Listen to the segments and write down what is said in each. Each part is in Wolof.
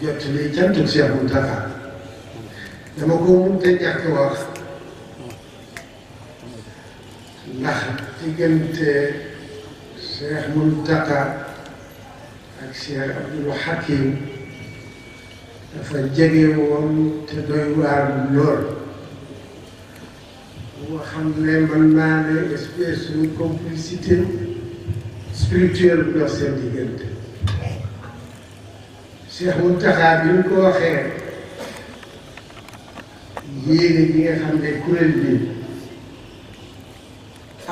jot li cantu Cheikh Mountakha dama ko mënta ñàkk wax ndax diggante Cheikh Mountakha ak Cheikh Abdoul Hakim dafa jege woon te doy waar lool boo xam ne mën naa ne espèce de complicité spirituelle bu dox seen diggante Cheikh Mountakha bi ñu ko waxee yéene gi nga xam ne kuréel bi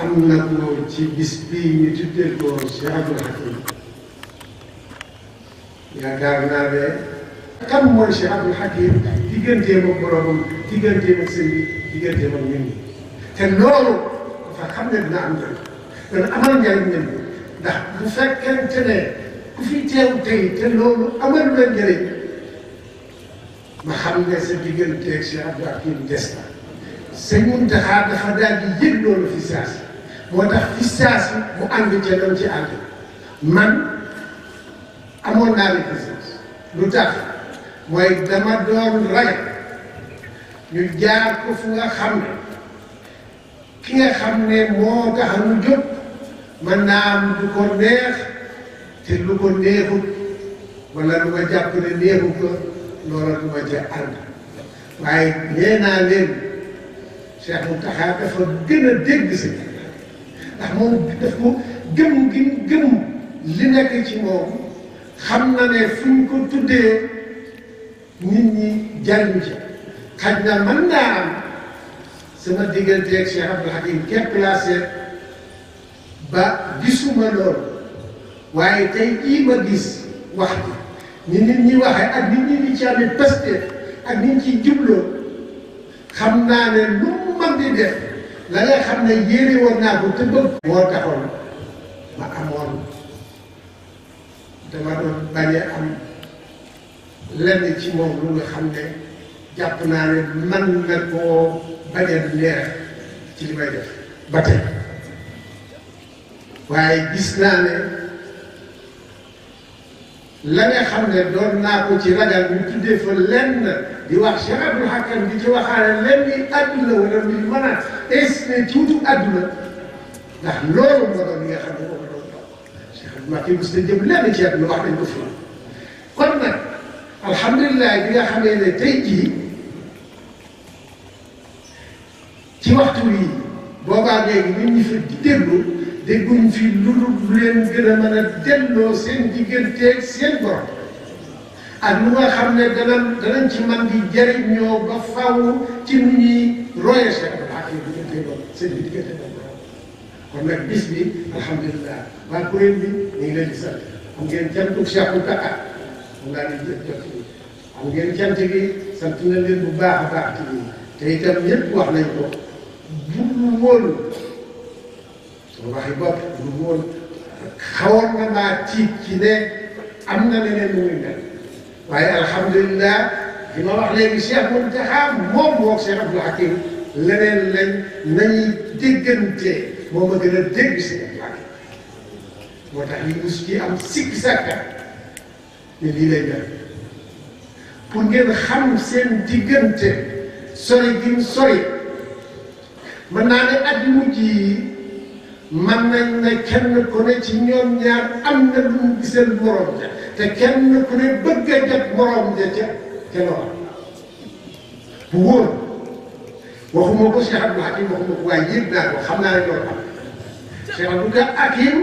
am na ko ci bis bii ñu tuddee ko Cheikh Abdou Hakim yaakaar naa ne kan mooy Cheikh Abdou Hakim digganteem ak boromam digganteem ak sëñ bi digganteem ak ñun ñi te loolu dafa xam ne dina am njëriñ dana amal njëriñ ñun ndax bu fekkente ne. ku fi teew tey te loolu amalu la njëriñ ma xam ne sa digganteeg si Abdou Hakim des na sëñ Muntaxa dafa daal di yëg loolu fi saasi moo tax fi saasi mu ànd ca doon ci ànd man amoon naa réticence lu tax mooy dama doon rajo ñu jaar ko fu nga xam ne xam ne moo tax a mu jóg mën du ko neex. te lu ko neexut wala lu ma jàpp ne neexut loola du ma ca ànd waaye nee naa leen Cheikh Mountakha dafa gën a dégg si ndax moom daf ko li nekk ci moom xam na ne fu ñu ko tuddee nit ñi jariñu ci xaj na mën naa am sama digganteeg Cheikh Abdou Hakim képp laa seet ba gisuma loolu waaye tey jii ma gis wax ji ni nit ñi waxee ak nit ñi di ci amee peste ak nit ciy jubloo xam naa ne lu mu mën di def la nga xam ne yéene naa ko te moo taxoon ma amoon dama doon bañ am lenn ci moom lu nga xam ne jàpp naa ne man na koo bañ a leer ci li may def ba tey waaye gis naa ne la nga xam ne doon naa ci ragal ñu tuddee lenn di wax Cheikh Abdoul Hakam di ci waxaale lenn yi àdduna wala muy mën a expliqué tuuti àdduna ndax loolu moo doon li nga xam ne moom doon doon Cheikh Abdoul wax nañ ko fi alhamdulilah bi nga xamee ne tey jii ci waxtu wi boobaa léegi ñun ñu fi di dégguñ fi lu dul leen gën a mën a delloo seen digganteeg seen borom ak lu nga xam ne danañ danañ ci man di jëriñoo ba faaw ci nu ñuy roye seen bopp ak yooyu dañ koy seen diggante kon nag bis bi alhamdulilah waa kuréel bi ñu ngi leen di sant am ngeen cantuk Cheikh Mouta ah mu daal di jot jot am ngeen cant gi sant na leen bu baax a baax ci te itam ñëpp wax nañ ko bu wóolu. wax yi bopp lu na maa tiit ci am na leneen lu muy mel waaye alhamdulilah li ma wax léegi Cheikh Mountakha moom moog Cheikh Abdou Hakim leneen lañ nañuy déggante moo ma gën a dégg Cheikh Abdou Hakim moo tax ñu mus ci am sikki sakka ne lii lay mel pour xam seen diggante sori gi mu sori mën naa ne at man nañ ne kenn ku ne ci ñoom ñaar am na lu mu gisal morom ja te kenn ku ne bëgg a jot morom ja ca ca loola bu wóor waxuma ko Cheikh Abdou Hakim waxuma ko waaye yëg naa ko xam naa ne loolu am Cheikh Abdou Hakim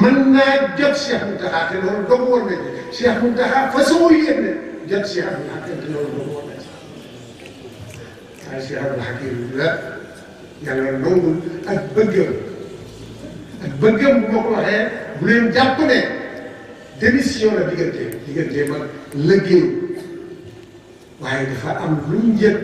mën naa jot Cheikh Mountakha te loolu doog woon nañu Cheikh Mountakha fa soo yéene jot Cheikh Abdou Hakim te loolu doog woon nañu waaye Cheikh Abdou Hakim la yàlla nangul ak bëggam bëggam bu ma ko waxee bu leen jàpp ne démission la diggante diggante ma liggéey waaye dafa am lu mu yëg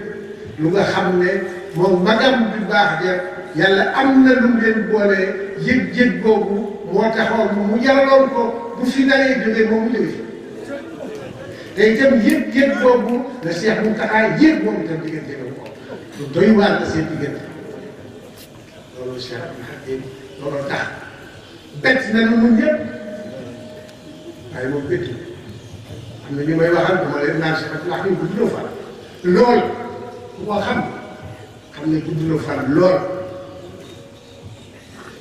lu nga xam ne moom magam bi baax ja yàlla am na lu mu leen boole yëg-yëg boobu moo taxoon mu jaraloon ko bu fi naree jógee moom mu jóge fi yëg-yëg boobu la Cheikh Mountakha yëg moom itam diggante ba ko lu doy waar la seen diggante loolu Cheikh Abdou Khadim loolu tax bett nañu ñun ñëpp waaye moom bett am na ñu may waxal dama leen naan si wax ñu gudd fal lool ku ko xam xam ne gudd fal lool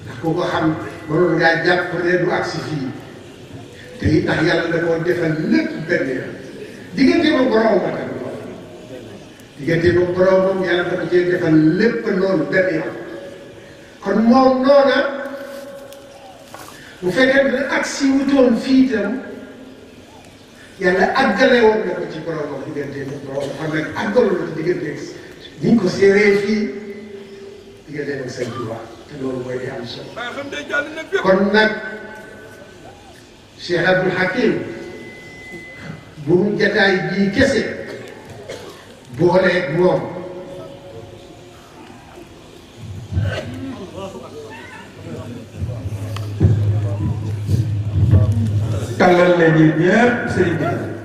ndax ku ko xam waroon ngaa jàpp ne du agsi fii te it ndax yàlla da koo defal lépp benn yoon diggante ba borom ba tamit lool diggante ba borom moom yàlla dafa cee defal lépp loolu benn yoon kon moom noona bu fekkee ne ak si wutoon fii itam yàlla àggale woon na ko ci boromam digganteeg boromam xam nag àggaloon na ci digganteeg ni ñu ko séeree fii digganteeg ak seen tubaab te loolu mooy li am Hakim bu jataay bii kese booleeg moom. tàllal la ñuy ñëpp sëriñ bi